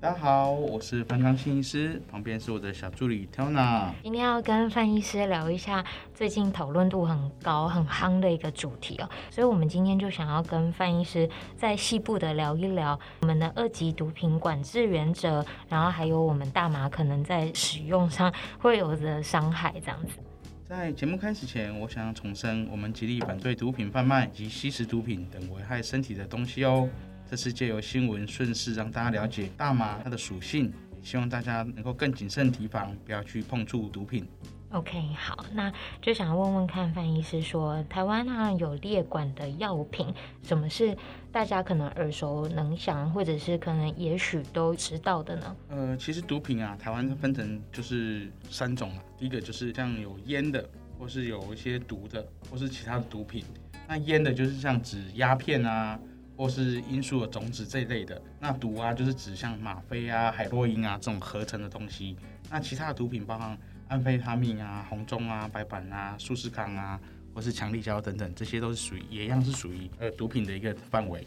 大家好，我是范綱信醫師，旁邊是我的小助理 Tona。今天要跟范醫師聊一下最近討論度很高、很夯的一個主題哦，所以我們今天就想要跟范醫師在細部的聊一聊我們的二級毒品管制原則，然後還有我們大麻可能在使用上會有的傷害這樣子。在節目開始前，我想要重申，我們極力反對毒品販賣以及吸食毒品等危害身體的東西哦。這次借由新聞順勢讓大家了解大麻它的屬性，希望大家能夠更謹慎提防，不要去碰觸毒品。OK，好，那就想要問問看范醫師說，說台灣啊有列管的藥品，什麼是大家可能耳熟能詳，或者是可能也許都知道的呢？呃，其實毒品啊，台灣分成就是三種嘛，第一個就是像有煙的，或是有一些毒的，或是其他的毒品。那煙的就是像指鴉片啊。嗯或是罌粟的種子這一類的，那毒啊，就是指像嗎啡啊、海洛因啊這種合成的東西。那其他的毒品，包含安非他命啊、紅中啊、白板啊、速賜康啊，或是強力膠等等，這些都是屬於，也一樣是屬於呃毒品的一個範圍。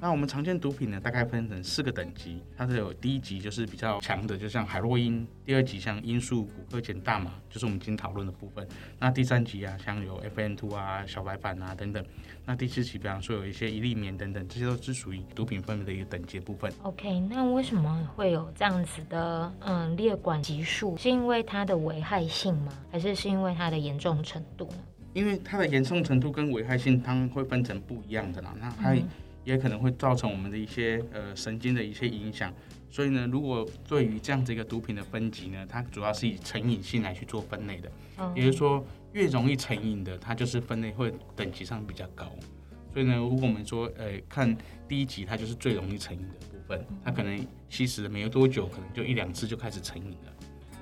那我們常見毒品呢，大概分成四個等級，它是有第一級就是比較強的，就像海洛因；第二級像罌粟、古柯鹼、大麻，就是我們今天討論的部分。那第三級啊，像有 FM2 啊、小白板啊等等。那第四級，比方說有一些一粒眠等等，這些都是屬於毒品分類的一個等級部分。OK，那為什麼會有這樣子的嗯列管級數？是因為它的危害性嗎？還是是因為它的嚴重程度呢？因為它的嚴重程度跟危害性，它們會分成不一樣的啦。那它、嗯。也可能會造成我們的一些呃神經的一些影響，所以呢，如果對於這樣子一個毒品的分級呢，它主要是以成癮性來去做分類的，嗯、也就是說，越容易成癮的，它就是分類會等級上比較高。所以呢，如果我們說呃看第一級，它就是最容易成癮的部分，它可能吸食了沒有多久，可能就一兩次就開始成癮了。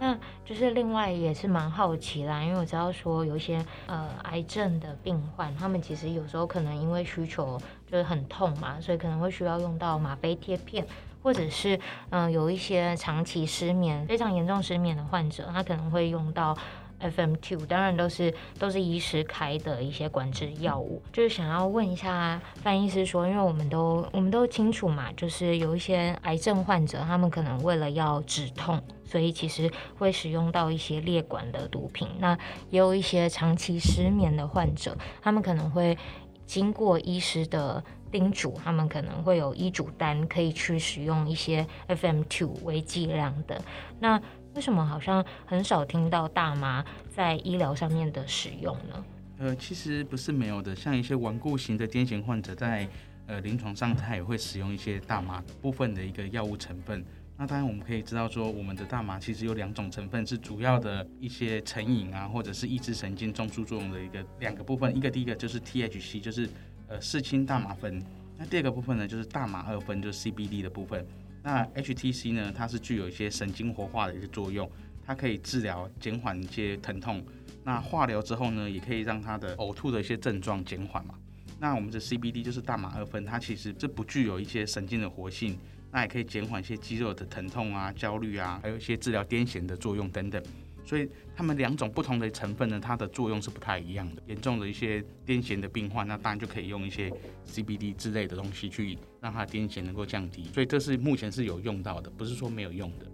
嗯就是另外也是蠻好奇啦，因為我知道說有一些呃癌症的病患，他們其實有時候可能因為需求就是很痛嘛，所以可能會需要用到嗎啡貼片，或者是嗯、呃、有一些長期失眠、非常嚴重失眠的患者，他可能會用到。FM2 當然都是都是醫師開的一些管制藥物，就是想要問一下范醫師說，因為我們都我們都清楚嘛，就是有一些癌症患者，他們可能為了要止痛，所以其實會使用到一些列管的毒品。那也有一些長期失眠的患者，他們可能會經過醫師的叮囑，他們可能會有醫囑單，可以去使用一些 FM2 微劑量的那。為什麼好像很少聽到大麻在醫療上面的使用呢？呃，其實不是沒有的，像一些頑固型的癲癇患者在，在呃臨床上他也會使用一些大麻的部分的一個藥物成分。那當然我們可以知道說，我們的大麻其實有兩種成分是主要的一些成癮啊，或者是抑制神經中樞作用的一個兩個部分。一個第一個就是 THC，就是呃四氫大麻酚。那第二個部分呢，就是大麻二酚，就是 CBD 的部分。那 H T C 呢，它是具有一些神經活化的一些作用，它可以治療減緩一些疼痛。那化療之後呢，也可以讓它的嘔吐的一些症狀減緩嘛。那我們的 C B D 就是大麻二酚，它其實是不具有一些神經的活性，那也可以減緩一些肌肉的疼痛啊、焦慮啊，還有一些治療癲癇的作用等等。所以它們兩種不同的成分呢，它的作用是不太一樣的。嚴重的一些癲癇的病患，那當然就可以用一些 CBD 之類的東西去讓它的癲癇能夠降低。所以這是目前是有用到的，不是說沒有用的。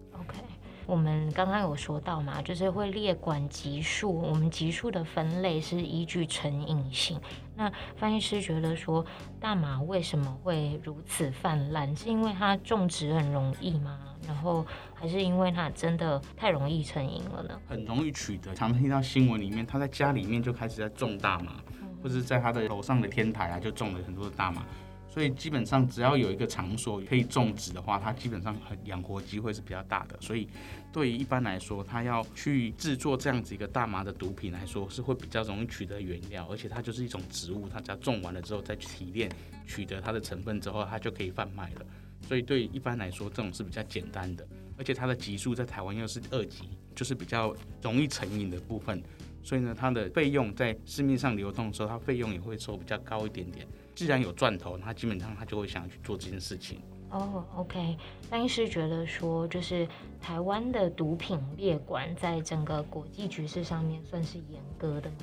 我們剛剛有說到嘛，就是會列管級數。我們級數的分類是依據成癮性。那范醫師覺得說，大麻為什麼會如此泛濫？是因為它種植很容易嗎？然後還是因為它真的太容易成癮了呢？很容易取得，常聽到新聞裡面，他在家裡面就開始在種大麻，或者在他的樓上的天台啊，就種了很多的大麻。所以基本上，只要有一個場所可以種植的話，它基本上很養活機會是比較大的。所以，對於一般來說，它要去製作這樣子一個大麻的毒品來說，是會比較容易取得原料，而且它就是一種植物，它只要種完了之後再提煉，取得它的成分之後，它就可以販賣了。所以，對於一般來說，這種是比較簡單的，而且它的級數在台灣又是二級，就是比較容易成癮的部分。所以呢，它的費用在市面上流通的時候，它費用也會收比較高一點點。既然有賺頭，他基本上他就會想要去做這件事情。哦，oh, OK。但是覺得說，就是台灣的毒品列管在整個國際局勢上面算是嚴格的嗎？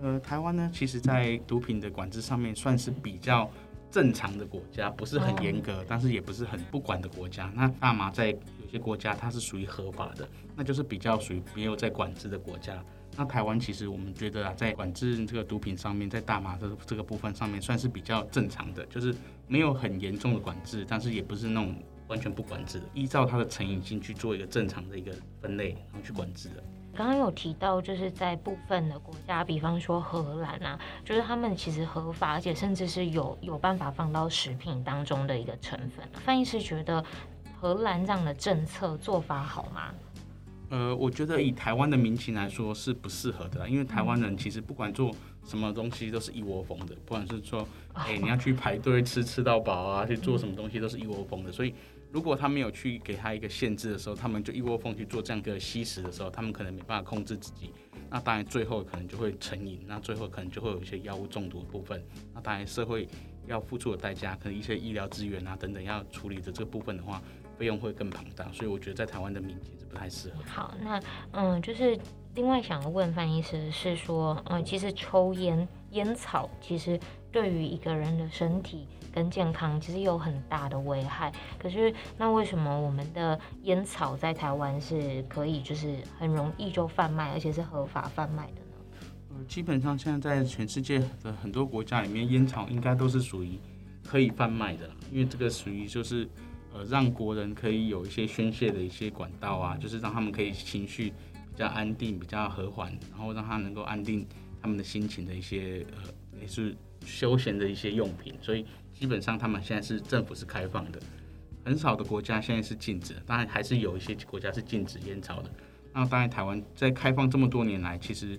呃，台灣呢，其實在毒品的管制上面算是比較正常的國家，不是很嚴格，但是也不是很不管的國家。那大麻在有些國家它是屬於合法的，那就是比較屬於沒有在管制的國家。那台灣其實我們覺得啊，在管制這個毒品上面，在大麻的這個部分上面，算是比較正常的，就是沒有很嚴重的管制，但是也不是那種完全不管制的，依照它的成癮性去做一個正常的一個分類，然後去管制的。剛剛有提到，就是在部分的國家，比方說荷蘭啊，就是他們其實合法，而且甚至是有有辦法放到食品當中的一個成分。范醫師覺得荷蘭這樣的政策做法好嗎？呃，我覺得以台灣的民情來說是不適合的啦，因為台灣人其實不管做什麼東西都是一窩蜂的，不管是說，誒、欸、你要去排隊吃吃到飽啊，去做什麼東西都是一窩蜂的，所以如果他沒有去給他一個限制的時候，他們就一窩蜂去做這樣一個吸食的時候，他們可能沒辦法控制自己，那當然最後可能就會成癮，那最後可能就會有一些藥物中毒的部分，那當然社會要付出的代價，可能一些醫療資源啊等等要處理的這個部分的話。費用會更龐大，所以我覺得在台灣的民間是不太適合。好，那嗯，就是另外想要問范醫師是說，嗯，其實抽菸菸草其實對於一個人的身體跟健康其實有很大的危害，可是那為什麼我們的菸草在台灣是可以就是很容易就販賣，而且是合法販賣的呢？嗯、呃，基本上現在在全世界的很多國家裡面，菸草應該都是屬於可以販賣的，因為這個屬於就是。呃，讓國人可以有一些宣洩的一些管道啊，就是讓他們可以情緒比較安定、比較和緩，然後讓他能夠安定他們的心情的一些呃，也是休閒的一些用品。所以基本上他們現在是政府是開放的，很少的國家現在是禁止，當然還是有一些國家是禁止煙草的。那當然台灣在開放這麼多年來，其實。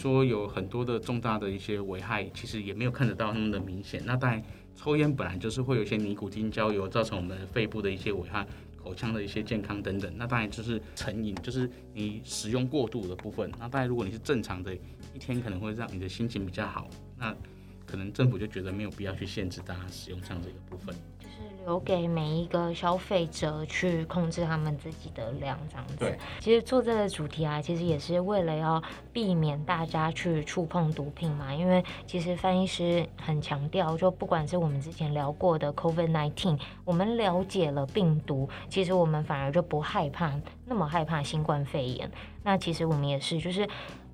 說有很多的重大的一些危害，其實也沒有看得到那麼的明顯。那當然，抽煙本來就是會有一些尼古丁焦油造成我們肺部的一些危害，口腔的一些健康等等。那當然就是成癮，就是你使用過度的部分。那當然，如果你是正常的一天，可能會讓你的心情比較好。那可能政府就覺得沒有必要去限制大家使用上這個部分。留給每一個消費者去控制他們自己的量，這樣子對。其實做這個主題啊，其實也是為了要避免大家去觸碰毒品嘛。因為其實范醫師很強調，就不管是我們之前聊過的 COVID-19，我們了解了病毒，其實我們反而就不害怕那麼害怕新冠肺炎。那其實我們也是，就是。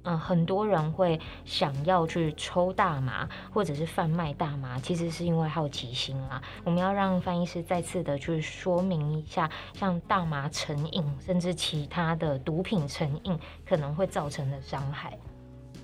嗯，很多人會想要去抽大麻，或者是販賣大麻，其實是因為好奇心啦、啊。我們要讓范醫師再次的去說明一下，像大麻成癮，甚至其他的毒品成癮可能會造成的傷害。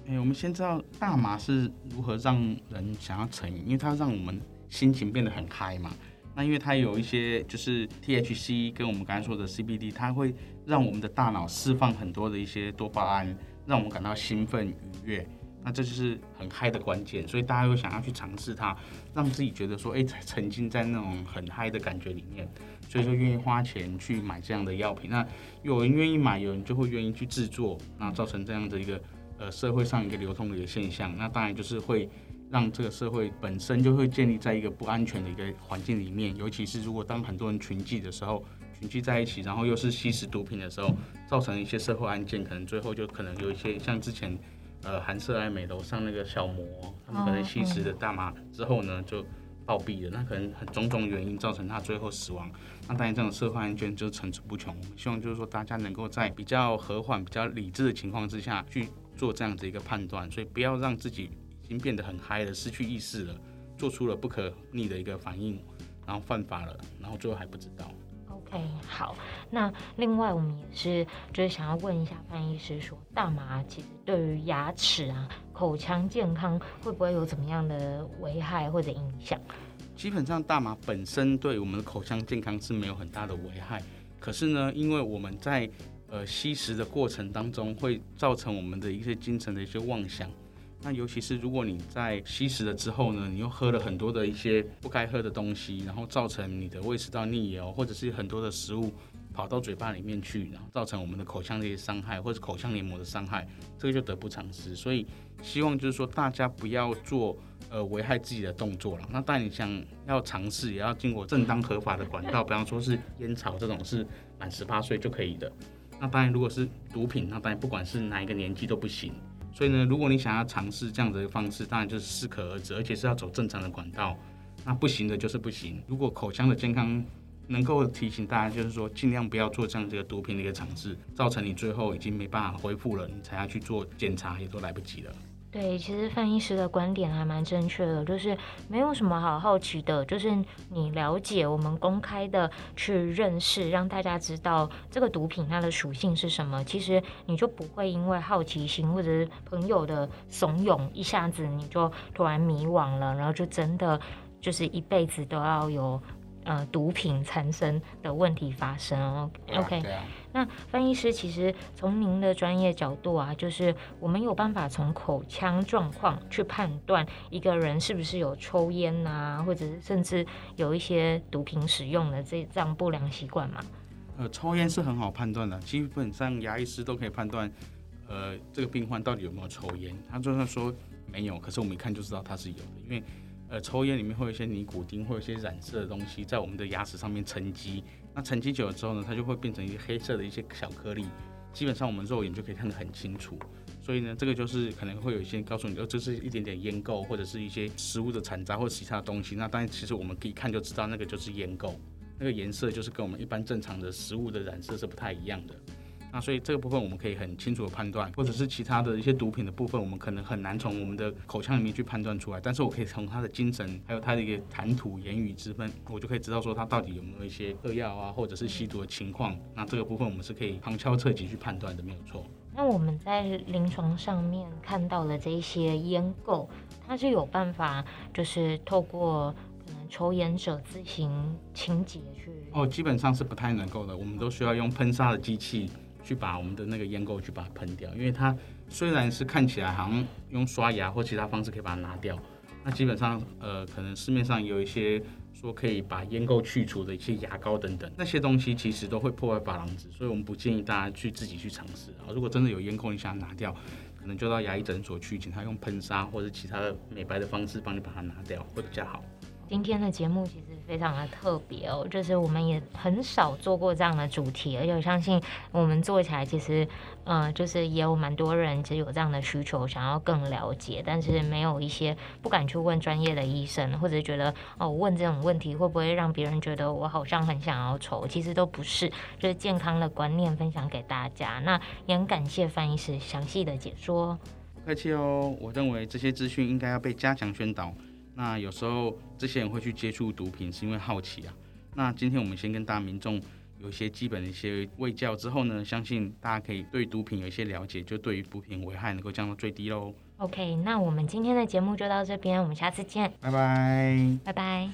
哎、欸，我們先知道大麻是如何讓人想要成癮，因為它讓我們心情變得很嗨嘛。那因為它有一些就是 THC，跟我們剛才說的 CBD，它會讓我們的大腦釋放很多的一些多巴胺。讓我們感到興奮愉悅，那這就是很嗨的關鍵，所以大家又想要去嘗試它，讓自己覺得說，哎，沉浸在那種很嗨的感覺裡面，所以就願意花錢去買這樣的藥品。那有人願意買，有人就會願意去制作，那造成這樣的一個呃社會上一個流通的一個現象。那當然就是會讓這個社會本身就會建立在一個不安全的一個環境裡面，尤其是如果當很多人群聚的時候。凝聚在一起，然後又是吸食毒品的時候，造成一些社會案件，可能最後就可能有一些像之前，呃，寒舍艾美樓上那個小模，他們可能吸食了大麻之後呢，就暴斃了。那可能很種種原因造成他最後死亡。那當然，這種社會案件就層出不窮。希望就是說大家能夠在比較和緩、比較理智的情況之下去做這樣子一個判斷，所以不要讓自己已經變得很嗨了，失去意識了，做出了不可逆的一個反應，然後犯法了，然後最後還不知道。哎，好，那另外我們也是就是想要問一下范醫師，說大麻其實對於牙齒啊、口腔健康會不會有怎麼樣的危害或者影響？基本上大麻本身對我們的口腔健康是沒有很大的危害，可是呢，因為我們在呃吸食的過程當中會造成我們的一些精神的一些妄想。那尤其是如果你在吸食了之後呢，你又喝了很多的一些不該喝的東西，然後造成你的胃食道逆流，或者是很多的食物跑到嘴巴裡面去，然後造成我們的口腔這些傷害或者是口腔黏膜的傷害，這個就得不償失。所以希望就是說大家不要做呃危害自己的動作了。那當然你想要嘗試，也要經過正當合法的管道，比方說是菸草這種是滿十八歲就可以的。那當然如果是毒品，那當然不管是哪一個年紀都不行。所以呢，如果你想要嘗試這樣的一個方式，當然就是適可而止，而且是要走正常的管道。那不行的就是不行。如果口腔的健康能夠提醒大家，就是說盡量不要做這樣這個毒品的一個嘗試，造成你最後已經沒辦法恢復了，你才要去做檢查，也都來不及了。對，其實范醫師的觀點還蠻正確的，就是沒有什麼好好奇的，就是你了解我們公開的去認識，讓大家知道這個毒品它的屬性是什麼，其實你就不會因為好奇心或者是朋友的慫恿，一下子你就突然迷惘了，然後就真的就是一輩子都要有，呃，毒品產生的問題發生哦。OK，yeah, yeah. 那范醫師其實從您的專業角度啊，就是我們有辦法從口腔狀況去判斷一個人是不是有抽煙吶、啊，或者是甚至有一些毒品使用的這這樣不良習慣嗎？呃，抽煙是很好判斷的，基本上牙醫師都可以判斷，呃，這個病患到底有沒有抽煙。他就算說沒有，可是我們一看就知道他是有的，因為。呃，抽煙裡面會有一些尼古丁，會有一些染色的東西在我們的牙齒上面沉積。那沉積久了之後呢，它就會變成一些黑色的一些小顆粒，基本上我們肉眼就可以看得很清楚。所以呢，這個就是可能會有一些人告訴你，哦，這是一點點煙垢，或者是一些食物的殘渣，或其他的東西。那當然其實我們可以看就知道，那個就是煙垢，那個顏色就是跟我們一般正常的食物的染色是不太一樣的。那所以這個部分我們可以很清楚的判斷，或者是其他的一些毒品的部分，我們可能很難從我們的口腔裡面去判斷出來。但是我可以從他的精神，還有他的一個談吐、言語之分，我就可以知道說他到底有沒有一些嗑藥啊，或者是吸毒的情況。那這個部分我們是可以旁敲側擊去判斷的，沒有錯、哦。那我們在臨床上面看到的這一些煙垢，它是有辦法，就是透過可能抽煙者自行清潔去？哦，基本上是不太能夠的，我們都需要用噴砂的機器。去把我們的那個煙垢去把它噴掉，因為它雖然是看起來好像用刷牙或其他方式可以把它拿掉，那基本上呃可能市面上也有一些說可以把煙垢去除的一些牙膏等等，那些東西其實都會破壞珐琅質，所以我們不建議大家去自己去嘗試啊。如果真的有煙垢，你想要拿掉，可能就到牙醫診所去，請他用噴砂或者其他的美白的方式幫你把它拿掉會比較好。今天的節目其實非常的特別哦，就是我們也很少做過這樣的主題，而且我相信我們做起來其實，嗯，就是也有蠻多人其實有這樣的需求，想要更了解，但是沒有一些不敢去問專業的醫生，或者覺得哦，問這種問題會不會讓別人覺得我好像很想要醜？其實都不是，就是健康的觀念分享給大家。那也很感謝范醫師詳細的解說，不客氣哦。我認為這些資訊應該要被加強宣導。那有時候這些人會去接觸毒品，是因為好奇啊。那今天我們先跟大家民眾有一些基本的一些衛教之後呢，相信大家可以對毒品有一些了解，就對於毒品危害能夠降到最低嘍。OK，那我們今天的節目就到這邊，我們下次見，拜拜，拜拜。